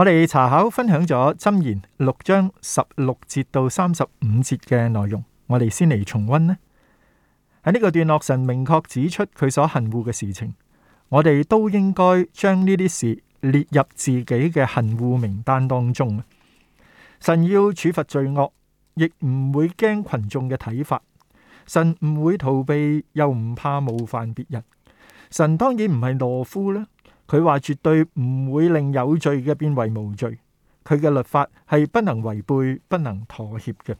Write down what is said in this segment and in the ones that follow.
我哋查考分享咗箴言六章十六節到三十五節嘅內容，我哋先嚟重温呢。喺呢個段落，神明確指出佢所恨惡嘅事情，我哋都應該將呢啲事列入自己嘅恨惡名單當中。神要處罰罪惡，亦唔會驚群眾嘅睇法。神唔會逃避，又唔怕冒犯別人。神當然唔係懦夫啦。佢話絕對唔會令有罪嘅變為無罪，佢嘅律法係不能違背、不能妥協嘅。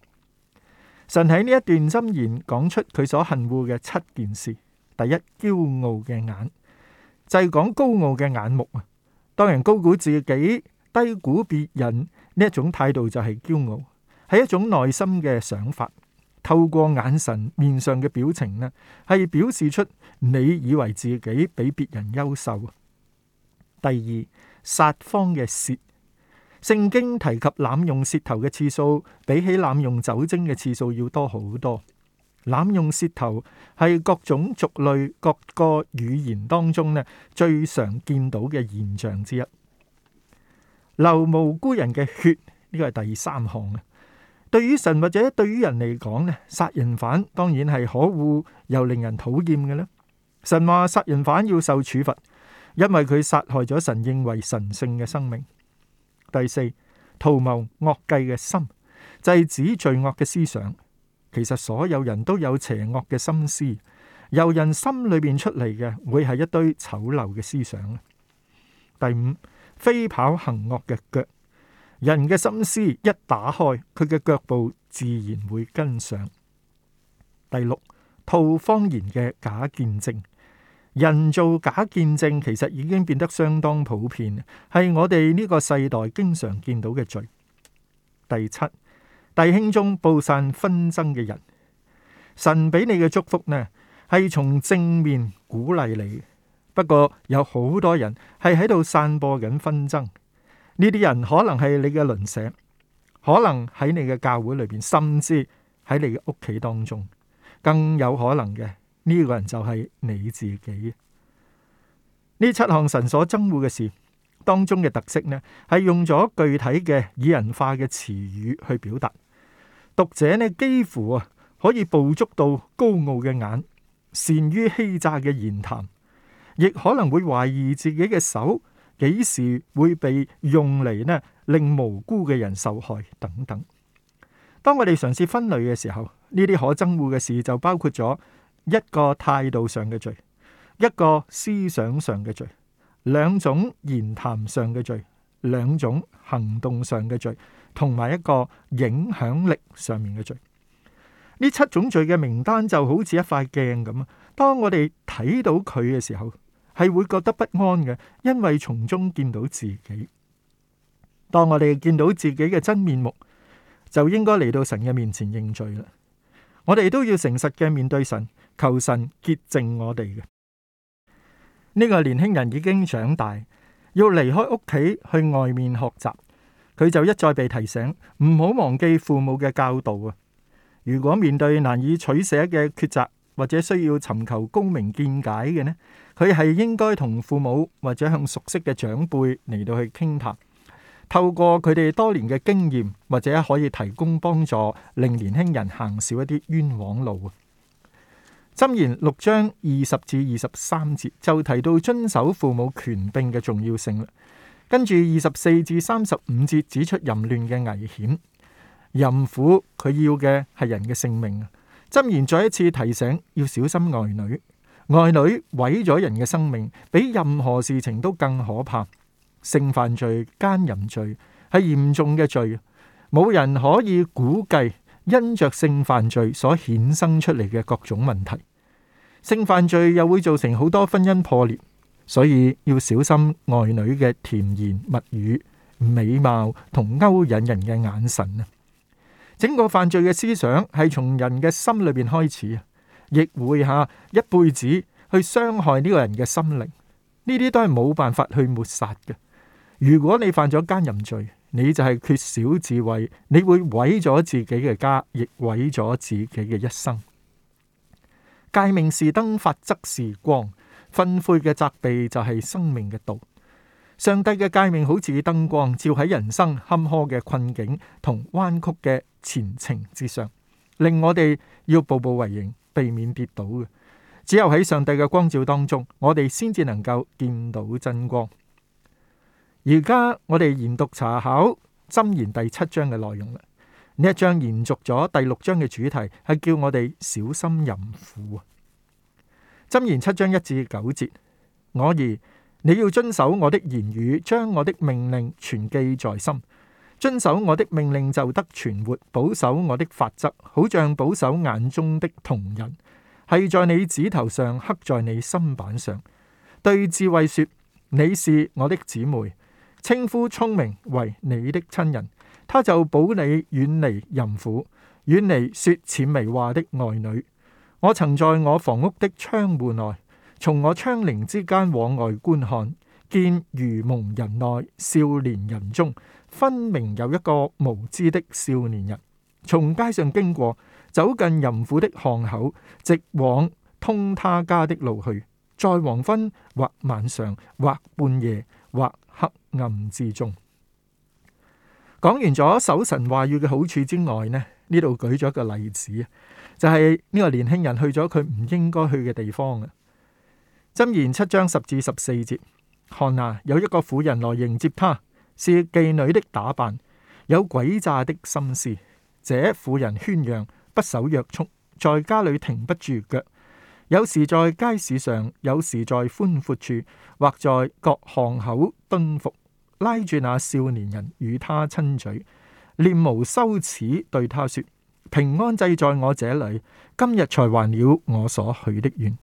神喺呢一段箴言講出佢所恨惡嘅七件事。第一，驕傲嘅眼就係講高傲嘅眼目啊，當人高估自己、低估別人呢一種態度就係驕傲，係一種內心嘅想法。透過眼神、面上嘅表情呢，係表示出你以為自己比別人優秀。第二，撒謊嘅舌，聖經提及濫用舌頭嘅次數，比起濫用酒精嘅次數要多好多。濫用舌頭係各種族類、各個語言當中咧最常見到嘅現象之一。流無辜人嘅血，呢個係第三項啊。對於神或者對於人嚟講咧，殺人犯當然係可惡又令人討厭嘅咧。神話殺人犯要受處罰。因為佢殺害咗神認為神聖嘅生命。第四，圖謀惡計嘅心，制止罪惡嘅思想。其實所有人都有邪惡嘅心思，由人心裏邊出嚟嘅，會係一堆醜陋嘅思想。第五，飛跑行惡嘅腳，人嘅心思一打開，佢嘅腳步自然會跟上。第六，吐謊言嘅假見證。人做假見證，其實已經變得相當普遍，係我哋呢個世代經常見到嘅罪。第七，弟兄中布散紛爭嘅人，神俾你嘅祝福呢，係從正面鼓勵你。不過有好多人係喺度散播緊紛爭，呢啲人可能係你嘅鄰舍，可能喺你嘅教會裏邊，甚至喺你嘅屋企當中，更有可能嘅。呢個人就係你自己。呢七項神所憎惡嘅事當中嘅特色呢，係用咗具體嘅擬人化嘅詞語去表達。讀者呢，幾乎啊可以捕捉到高傲嘅眼，善於欺詐嘅言談，亦可能會懷疑自己嘅手幾時會被用嚟呢，令無辜嘅人受害等等。當我哋嘗試分類嘅時候，呢啲可憎惡嘅事就包括咗。一個態度上嘅罪，一個思想上嘅罪，兩種言談上嘅罪，兩種行動上嘅罪，同埋一個影響力上面嘅罪。呢七種罪嘅名單就好似一塊鏡咁啊。當我哋睇到佢嘅時候，係會覺得不安嘅，因為從中見到自己。當我哋見到自己嘅真面目，就應該嚟到神嘅面前認罪啦。我哋都要誠實嘅面對神。求神潔淨我哋嘅。呢個年輕人已經長大，要離開屋企去外面學習，佢就一再被提醒唔好忘記父母嘅教導啊！如果面對難以取捨嘅抉擇，或者需要尋求高明見解嘅呢，佢係應該同父母或者向熟悉嘅長輩嚟到去傾談，談，透過佢哋多年嘅經驗，或者可以提供幫助，令年輕人行少一啲冤枉路箴言六章二十至二十三節就提到遵守父母權柄嘅重要性啦。跟住二十四至三十五節指出淫亂嘅危險。淫婦佢要嘅係人嘅性命。箴言再一次提醒要小心外女，外女毀咗人嘅生命，比任何事情都更可怕。性犯罪、奸淫罪係嚴重嘅罪，冇人可以估計因着性犯罪所衍生出嚟嘅各種問題。性犯罪又會造成好多婚姻破裂，所以要小心外女嘅甜言蜜語、美貌同勾引人嘅眼神啊！整個犯罪嘅思想係從人嘅心裏邊開始啊，亦會下一輩子去傷害呢個人嘅心靈。呢啲都係冇辦法去抹殺嘅。如果你犯咗奸淫罪，你就係缺少智慧，你會毀咗自己嘅家，亦毀咗自己嘅一生。誡命是燈，法則是光，昏灰嘅責備就係生命嘅道。上帝嘅誡命好似燈光，照喺人生坎坷嘅困境同彎曲嘅前程之上，令我哋要步步為營，避免跌倒嘅。只有喺上帝嘅光照當中，我哋先至能夠見到真光。而家我哋研讀查考箴言第七章嘅內容呢一章延續咗第六章嘅主題，係叫我哋小心淫婦啊。箴言七章一至九節，我兒，你要遵守我的言語，將我的命令存記在心，遵守我的命令就得存活，保守我的法則，好像保守眼中的瞳人，係在你指頭上，刻在你心版上。對智慧說，你是我的姊妹，稱呼聰明為你的親人。他就保你遠離淫婦，遠離說諂媚話的外女。我曾在我房屋的窗戶內，從我窗櫺之間往外觀看，見愚蒙人內少年人中，分明有一個無知的少年人，從街上經過，走近淫婦的巷口，直往通她家的路去，在黃昏或晚上或半夜或黑暗之中。講完咗守神話語嘅好處之外呢，呢度舉咗一個例子就係、是、呢個年輕人去咗佢唔應該去嘅地方啊。箴言七章十至十四節，看啊，有一個婦人來迎接他，是妓女的打扮，有詭詐的心思。這婦人喧嚷，不守約束，在家裏停不住腳，有時在街市上，有時在寬闊處，或在各巷口蹲伏。拉住那少年人與他親嘴，臉無羞恥，對他說：平安祭在我這裏，今日才還了我所許的願。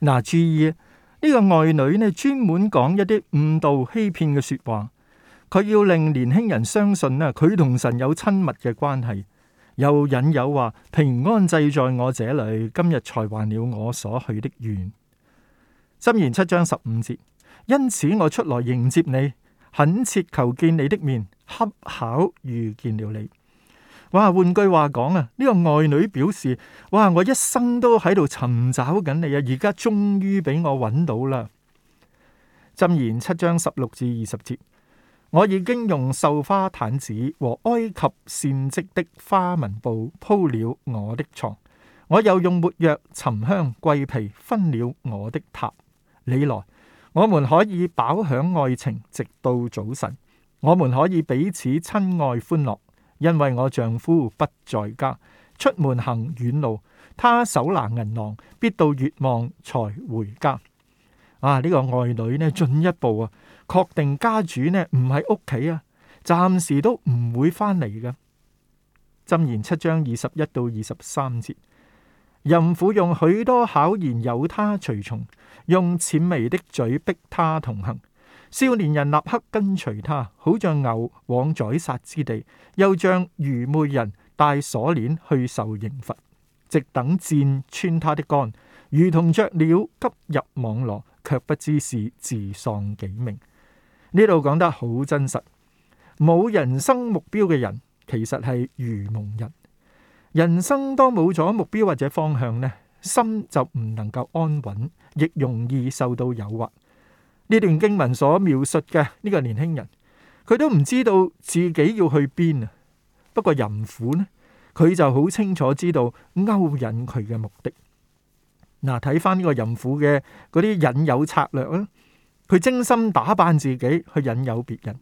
嗱、啊，注意呢、這個外女呢，專門講一啲誤導欺騙嘅說話，佢要令年輕人相信呢，佢同神有親密嘅關係，又引誘話平安祭在我這裏，今日才還了我所許的願。箴言七章十五節，因此我出來迎接你。懇切求見你的面，恰巧遇見了你。哇！換句話講啊，呢、這個愛女表示，哇！我一生都喺度尋找緊你啊，而家終於俾我揾到啦。箴言七章十六至二十節，我已經用繡花毯子和埃及線織的花紋布鋪了我的床，我又用沒藥、沉香、桂皮分了我的榻。」你來。我們可以飽享愛情直到早晨，我們可以彼此親愛歡樂，因為我丈夫不在家，出門行遠路，他手拿銀囊，必到月望才回家。啊！呢、這個愛女呢，進一步啊，確定家主呢唔喺屋企啊，暫時都唔會返嚟嘅。箴言七章二十一到二十三節。淫婦用許多巧言誘他隨從，用諂媚的嘴逼他同行。少年人立刻跟隨他，好像牛往宰殺之地，又像愚昧人帶鎖鏈去受刑罰，直等箭穿他的肝，如同雀鳥急入網羅，却不知是自喪己命。呢度講得好真實，冇人生目標嘅人，其實係愚蒙人。人生當冇咗目標或者方向呢，心就唔能夠安穩，亦容易受到誘惑。呢段經文所描述嘅呢個年輕人，佢都唔知道自己要去邊啊。不過淫婦呢，佢就好清楚知道勾引佢嘅目的。嗱，睇翻呢個淫婦嘅嗰啲引誘策略啦，佢精心打扮自己去引誘別人。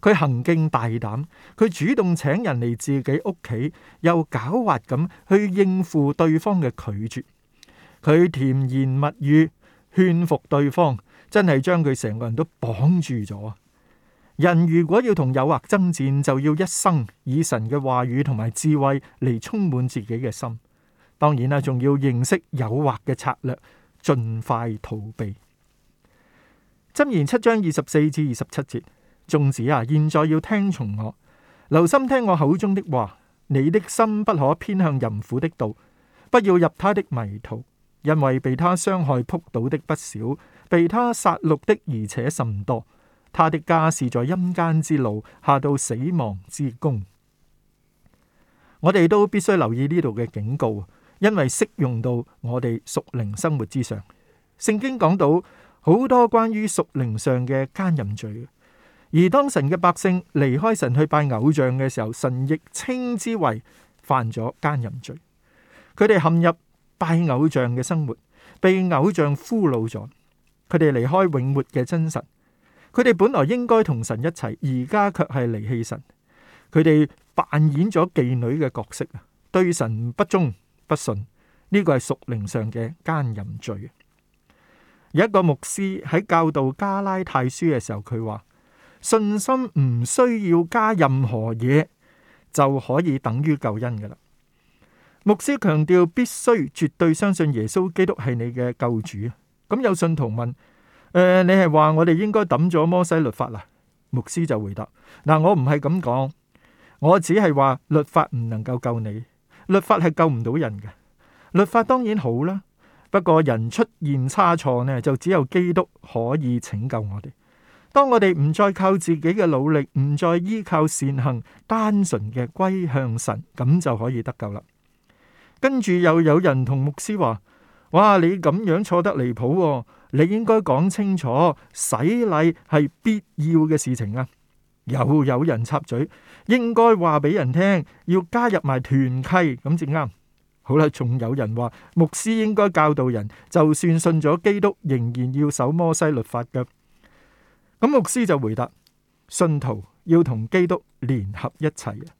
佢行徑大膽，佢主動請人嚟自己屋企，又狡猾咁去應付對方嘅拒絕。佢甜言蜜語勸服對方，真係將佢成個人都綁住咗。人如果要同誘惑爭戰，就要一生以神嘅話語同埋智慧嚟充滿自己嘅心。當然啦，仲要認識誘惑嘅策略，盡快逃避。箴言七章二十四至二十七節。眾子啊，現在要聽從我，留心聽我口中的話。你的心不可偏向淫婦的道，不要入他的迷途，因為被他傷害扑倒的不少，被他殺戮的而且甚多。他的家是在陰間之路，下到死亡之宮。我哋都必須留意呢度嘅警告，因為適用到我哋屬靈生活之上。聖經講到好多關於屬靈上嘅奸淫罪。而當神嘅百姓離開神去拜偶像嘅時候，神亦稱之為犯咗奸淫罪。佢哋陷入拜偶像嘅生活，被偶像俘虜咗。佢哋離開永活嘅真神。佢哋本來應該同神一齊，而家卻係離棄神。佢哋扮演咗妓女嘅角色啊，對神不忠不順。呢個係屬靈上嘅奸淫罪啊。有一個牧師喺教導加拉太書嘅時候，佢話。信心唔需要加任何嘢就可以等於救恩㗎啦。牧師強調必須絕對相信耶穌基督係你嘅救主。咁有信徒問：誒，你係話我哋應該抌咗摩西律法啦？牧師就回答：嗱，我唔係咁講，我只係話律法唔能夠救你，律法係救唔到人嘅。律法當然好啦，不過人出現差錯呢，就只有基督可以拯救我哋。當我哋唔再靠自己嘅努力，唔再依靠善行，單純嘅歸向神，咁就可以得救啦。跟住又有人同牧師話：哇，你咁樣錯得離譜，哦，你應該講清楚，洗禮係必要嘅事情啊！又有人插嘴，應該話俾人聽，要加入埋團契咁先啱。好啦，仲有人話，牧師應該教導人，就算信咗基督，仍然要守摩西律法嘅。咁牧師就回答：信徒要同基督聯合一齊啊！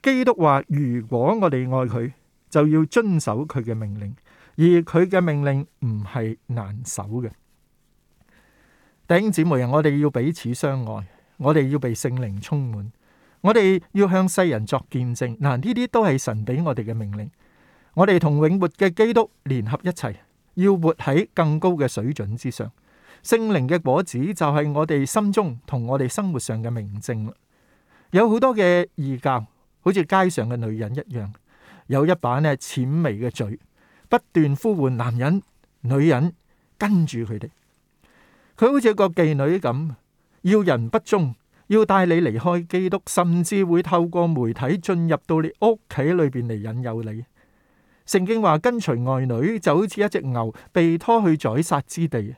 基督話：如果我哋愛佢，就要遵守佢嘅命令，而佢嘅命令唔係難守嘅。弟兄姊妹啊，我哋要彼此相愛，我哋要被聖靈充滿，我哋要向世人作見證。嗱，呢啲都係神俾我哋嘅命令。我哋同永活嘅基督聯合一齊，要活喺更高嘅水準之上。聖靈嘅果子就係我哋心中同我哋生活上嘅明證啦。有好多嘅異教，好似街上嘅女人一樣，有一把咧諂媚嘅嘴，不斷呼喚男人、女人跟住佢哋。佢好似個妓女咁，要人不忠，要帶你離開基督，甚至會透過媒體進入到你屋企裏邊嚟引誘你。聖經話跟隨外女就好似一隻牛被拖去宰殺之地。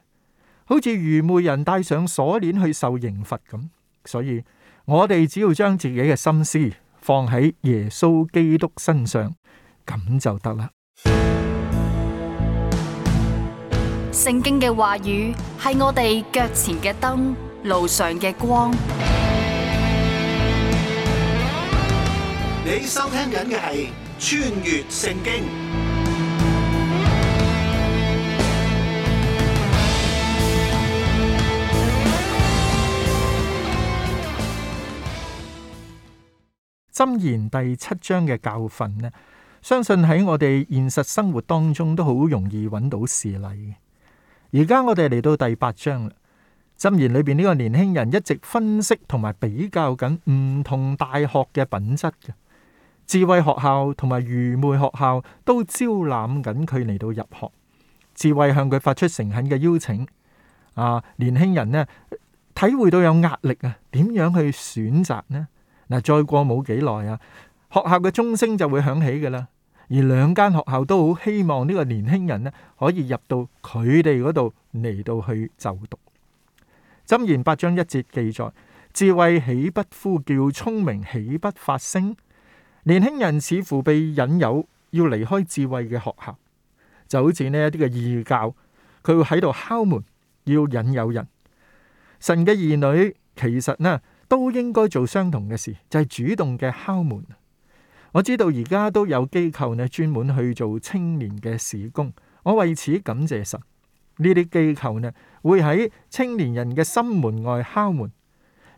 好似愚昧人戴上鎖鏈去受刑罰咁，所以我哋只要將自己嘅心思放喺耶穌基督身上，咁就得啦。聖經嘅話語係我哋腳前嘅燈，路上嘅光。你收聽緊嘅係《穿越聖經》。《箴言》第七章嘅教訓呢，相信喺我哋現實生活當中都好容易揾到事例嘅。而家我哋嚟到第八章啦，《箴言》裏邊呢個年輕人一直分析同埋比較緊唔同大學嘅品質嘅。智慧學校同埋愚昧學校都招攬緊佢嚟到入學，智慧向佢發出誠懇嘅邀請。啊，年輕人呢，體會到有壓力啊，點樣去選擇呢？嗱，再過冇幾耐啊，學校嘅鐘聲就會響起㗎喇。而兩間學校都好希望呢個年輕人呢可以入到佢哋嗰度嚟到去就讀。《箴言》八章一節記載：智慧豈不呼叫？聰明豈不發聲？年輕人似乎被引誘要離開智慧嘅學校，就好似呢一啲嘅異教，佢會喺度敲門要引誘人。神嘅兒女其實呢？都應該做相同嘅事，就係主動嘅敲門。我知道而家都有機構呢，專門去做青年嘅事工。我為此感謝神。呢啲機構呢，會喺青年人嘅心門外敲門，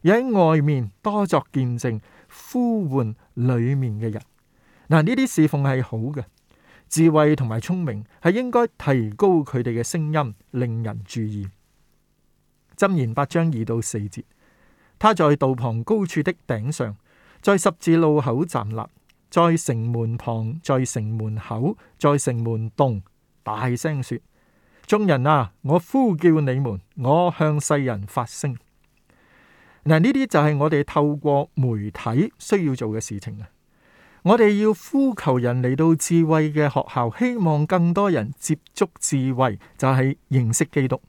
而喺外面多作見證，呼喚裏面嘅人。嗱，呢啲侍奉係好嘅，智慧同埋聰明係應該提高佢哋嘅聲音，令人注意。箴言八章二到四節。他在道旁高處的頂上，在十字路口站立，在城門旁，在城門口，在城門洞大聲說：眾人啊，我呼叫你們，我向世人發聲。嗱，呢啲就係我哋透過媒體需要做嘅事情啊！我哋要呼求人嚟到智慧嘅學校，希望更多人接觸智慧，就係認識基督，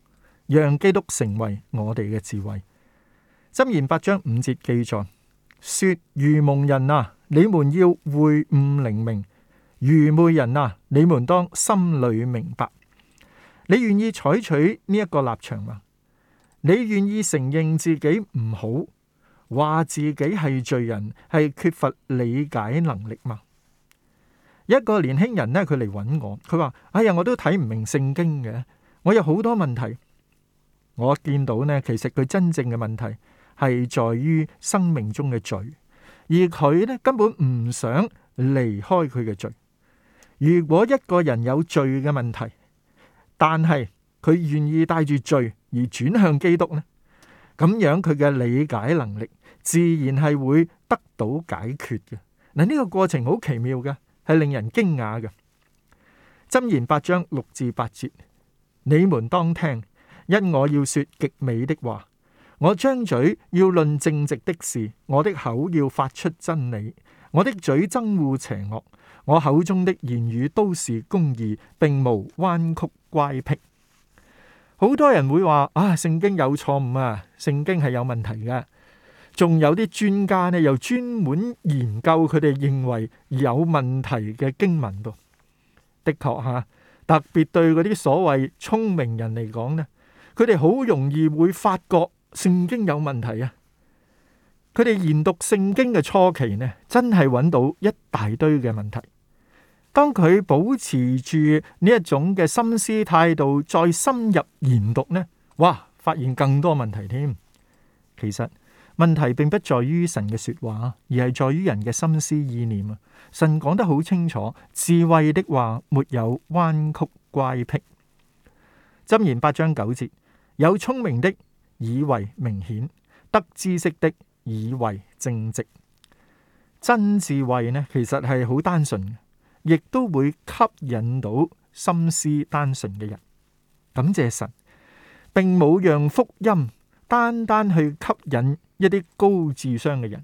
讓基督成為我哋嘅智慧。箴言八章五節記載，說愚蒙人啊，你們要會悟靈明；愚昧人啊，你們當心裏明白。你願意採取呢一個立場嗎？你願意承認自己唔好，話自己係罪人，係缺乏理解能力嗎？一個年輕人呢，佢嚟搵我，佢話：哎呀，我都睇唔明聖經嘅，我有好多問題。我見到呢，其實佢真正嘅問題。係在於生命中嘅罪，而佢咧根本唔想離開佢嘅罪。如果一個人有罪嘅問題，但係佢願意帶住罪而轉向基督咧，咁樣佢嘅理解能力自然係會得到解決嘅。嗱，呢個過程好奇妙嘅，係令人驚訝嘅。箴言八章六至八節，你們當聽，因我要說極美的話。我張嘴要論正直的事，我的口要發出真理，我的嘴憎惡邪惡，我口中的言語都是公義，並無彎曲乖僻。好多人會話啊，聖經有錯誤啊，聖經係有問題嘅。仲有啲專家呢，又專門研究佢哋認為有問題嘅經文度。的確吓，特別對嗰啲所謂聰明人嚟講呢，佢哋好容易會發覺。聖經有問題啊！佢哋研讀聖經嘅初期呢，真係揾到一大堆嘅問題。當佢保持住呢一種嘅心思態度，再深入研讀呢，哇，發現更多問題添。其實問題並不在於神嘅說話，而係在於人嘅心思意念啊！神講得好清楚，智慧的話，沒有彎曲乖僻。箴言八章九節，有聰明的。以為明顯，得知識的，以為正直。真智慧呢？其實係好單純，亦都會吸引到心思單純嘅人。感謝神，並冇讓福音單單去吸引一啲高智商嘅人。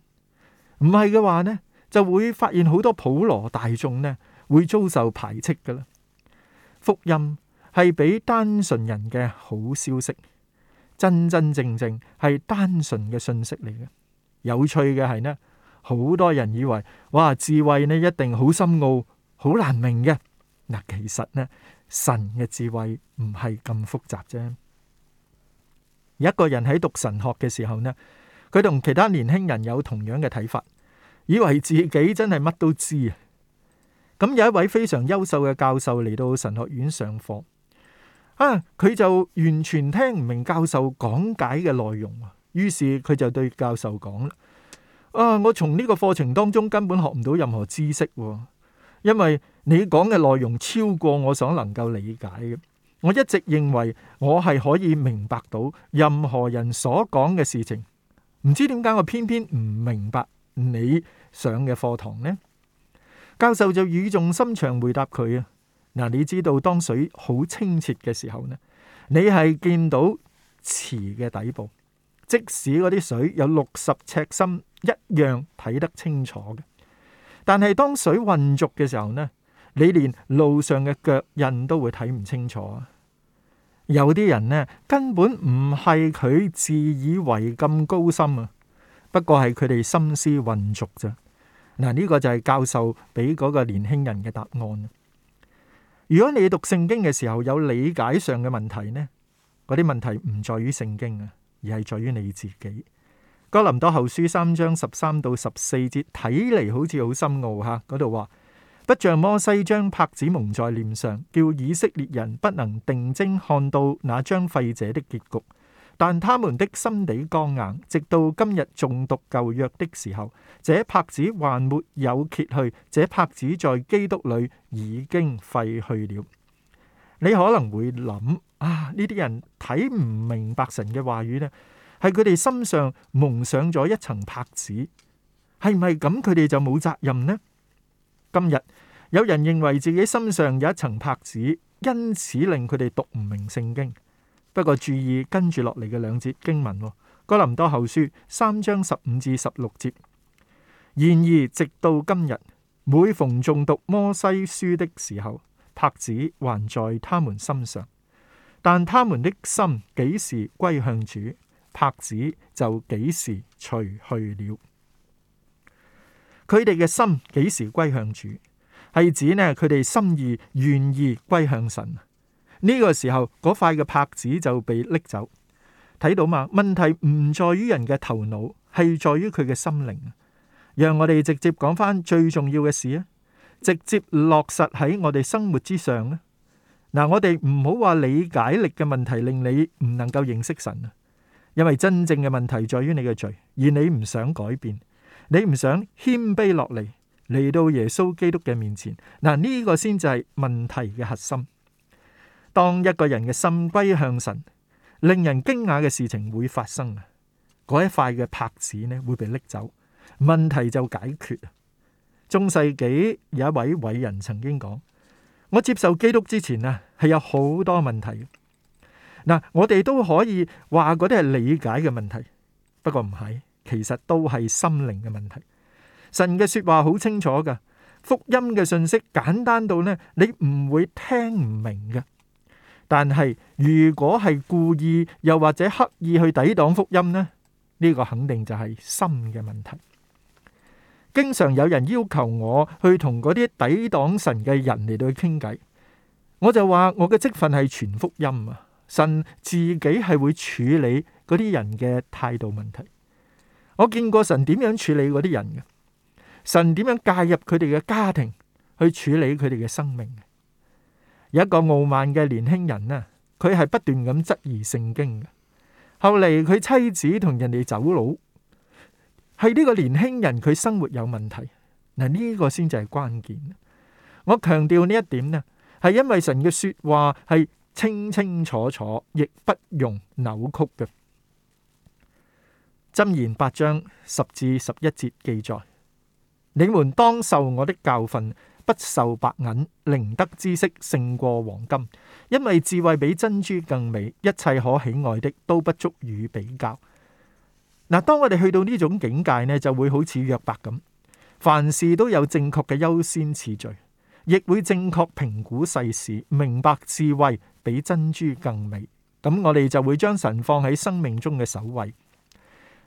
唔係嘅話呢，就會發現好多普羅大眾呢，會遭受排斥㗎喇。福音係俾單純人嘅好消息。真真正正係單純嘅信息嚟嘅。有趣嘅係呢，好多人以為哇，智慧呢一定好深奧、好難明嘅。嗱，其實呢，神嘅智慧唔係咁複雜啫。一個人喺讀神學嘅時候呢，佢同其他年輕人有同樣嘅睇法，以為自己真係乜都知啊。咁有一位非常優秀嘅教授嚟到神學院上課。啊！佢就完全聽唔明教授講解嘅內容，於是佢就對教授講啦：啊，我從呢個課程當中根本學唔到任何知識，因為你講嘅內容超過我所能夠理解嘅。我一直認為我係可以明白到任何人所講嘅事情，唔知點解我偏偏唔明白你上嘅課堂呢？教授就語重心長回答佢啊。嗱，你知道當水好清澈嘅時候呢，你係見到池嘅底部，即使嗰啲水有六十尺深，一樣睇得清楚嘅。但係當水混濁嘅時候呢，你連路上嘅腳印都會睇唔清楚啊！有啲人呢，根本唔係佢自以為咁高深啊，不過係佢哋心思混濁啫。嗱，呢個就係教授俾嗰個年輕人嘅答案。如果你讀聖經嘅時候有理解上嘅問題呢，嗰啲問題唔在於聖經啊，而係在於你自己。哥林多後書三章十三到十四節睇嚟好似好深奧吓，嗰度話不像摩西將帕子蒙在臉上，叫以色列人不能定睛看到那張廢者的結局。但他們的心地剛硬，直到今日誦讀舊約的時候，這帕子還沒有揭去，這帕子在基督裏已經廢去了。你可能會諗啊，呢啲人睇唔明白，白神嘅話語呢，係佢哋心上蒙上咗一層帕子，係唔係咁佢哋就冇責任呢？今日有人認為自己心上有一層帕子，因此令佢哋讀唔明聖經。不過注意，跟住落嚟嘅兩節經文，哦，哥林多後書三章十五至十六節。然而直到今日，每逢重讀摩西書的時候，帕子還在他們心上，但他們的心幾時歸向主，帕子就幾時除去了。佢哋嘅心幾時歸向主，係指呢？佢哋心意願意歸向神。呢個時候，嗰塊嘅拍子就被拎走，睇到嘛？問題唔在於人嘅頭腦，係在於佢嘅心靈。讓我哋直接講返最重要嘅事啊！直接落實喺我哋生活之上啊！嗱，我哋唔好話理解力嘅問題令你唔能夠認識神啊，因為真正嘅問題在於你嘅罪，而你唔想改變，你唔想謙卑落嚟嚟到耶穌基督嘅面前。嗱，呢個先至係問題嘅核心。當一個人嘅心歸向神，令人驚訝嘅事情會發生啊！嗰一塊嘅拍子呢會被拎走，問題就解決。中世紀有一位偉人曾經講：我接受基督之前啊，係有好多問題。嗱，我哋都可以話嗰啲係理解嘅問題，不過唔係，其實都係心靈嘅問題。神嘅說話好清楚噶，福音嘅信息簡單到呢，你唔會聽唔明嘅。但係，如果係故意又或者刻意去抵擋福音呢？呢、呢個肯定就係心嘅問題。經常有人要求我去同嗰啲抵擋神嘅人嚟到去傾偈，我就話我嘅職份係全福音啊！神自己係會處理嗰啲人嘅態度問題。我見過神點樣處理嗰啲人嘅，神點樣介入佢哋嘅家庭去處理佢哋嘅生命。有一個傲慢嘅年輕人啊，佢係不斷咁質疑聖經嘅。後嚟佢妻子同人哋走佬，係呢個年輕人佢生活有問題。嗱、這、呢個先至係關鍵。我強調呢一點呢，係因為神嘅說話係清清楚楚，亦不容扭曲嘅。箴言，八章十至十一節記載：你們當受我的教訓。不受白銀，寧得知識勝過黃金，因為智慧比珍珠更美。一切可喜愛的都不足以比較。嗱，當我哋去到呢種境界呢，就會好似約伯咁，凡事都有正確嘅優先次序，亦會正確評估世事，明白智慧比珍珠更美。咁我哋就會將神放喺生命中嘅首位。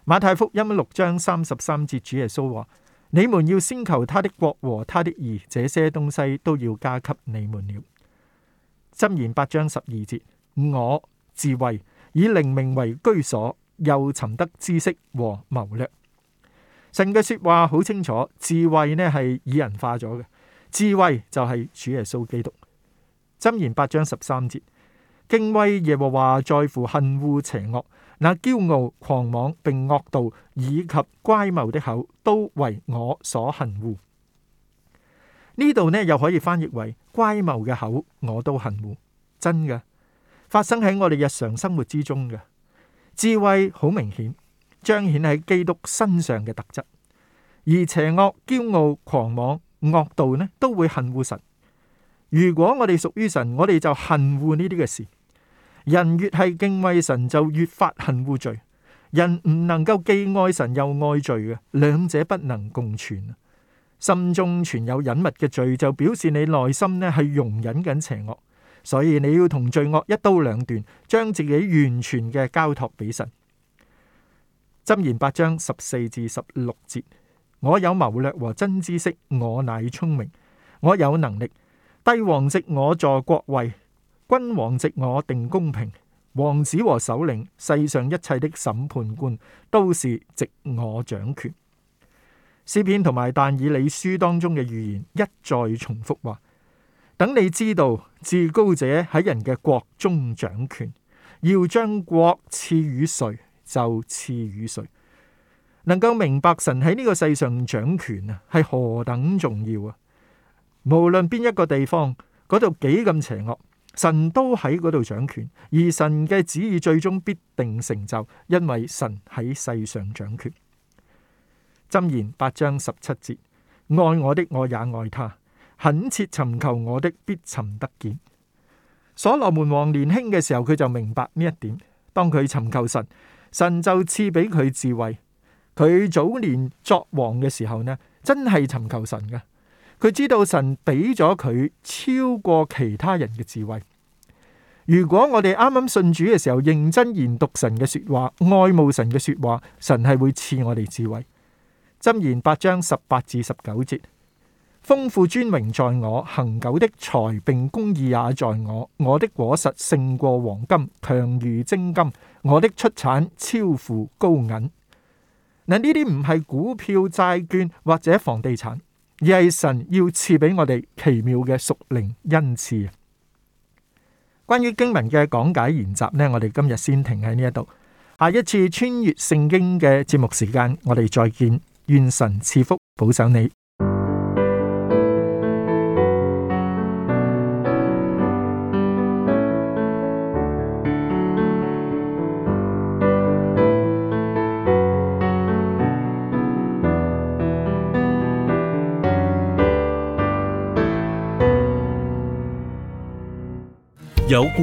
馬太福音六章三十三節，主耶穌話。你們要先求他的國和他的義，這些東西都要加給你們了。箴言八章十二節，我智慧以靈明為居所，又尋得知識和謀略。神嘅說話好清楚，智慧呢係以人化咗嘅，智慧就係主耶穌基督。箴言八章十三節，敬畏耶和華在乎恨惡邪惡。那驕傲、狂妄並惡道以及乖謬的口，都為我所恨惡。呢度呢又可以翻譯為乖謬嘅口，我都恨惡。真嘅，發生喺我哋日常生活之中嘅智慧，好明顯彰顯喺基督身上嘅特質。而邪惡、驕傲、狂妄、惡道呢，都會恨惡神。如果我哋屬於神，我哋就恨惡呢啲嘅事。人越係敬畏神，就越發恨污罪。人唔能夠既愛神又愛罪嘅，兩者不能共存。心中存有隱密嘅罪，就表示你內心呢係容忍緊邪惡，所以你要同罪惡一刀兩斷，將自己完全嘅交託俾神。箴言八章十四至十六節：，我有謀略和真知識，我乃聰明，我有能力，帝王藉我坐國位。君王藉我定公平，王子和首領，世上一切的審判官，都是藉我掌權。詩篇同埋但以理書當中嘅預言一再重複話：，等你知道至高者喺人嘅國中掌權，要將國賜予誰就賜予誰。能夠明白神喺呢個世上掌權啊，係何等重要啊！無論邊一個地方，嗰度幾咁邪惡。神都喺嗰度掌權，而神嘅旨意最終必定成就，因為神喺世上掌權。箴言八章十七節：愛我的，我也愛他；懇切尋求我的，必尋得見。所羅門王年輕嘅時候，佢就明白呢一點。當佢尋求神，神就賜俾佢智慧。佢早年作王嘅時候呢，真係尋求神㗎。佢知道神俾咗佢超過其他人嘅智慧。如果我哋啱啱信主嘅時候認真研讀神嘅說話，愛慕神嘅說話，神係會賜我哋智慧。箴言八章十八至十九節：豐富尊榮在我，恆久的財並公義也在我。我的果實勝過黃金，強如精金。我的出產超乎高銀。嗱，呢啲唔係股票、債券或者房地產。而係神要賜俾我哋奇妙嘅屬靈恩賜。關於經文嘅講解研習呢，我哋今日先停喺呢一度。下一次穿越聖經嘅節目時間，我哋再見。願神賜福保守你。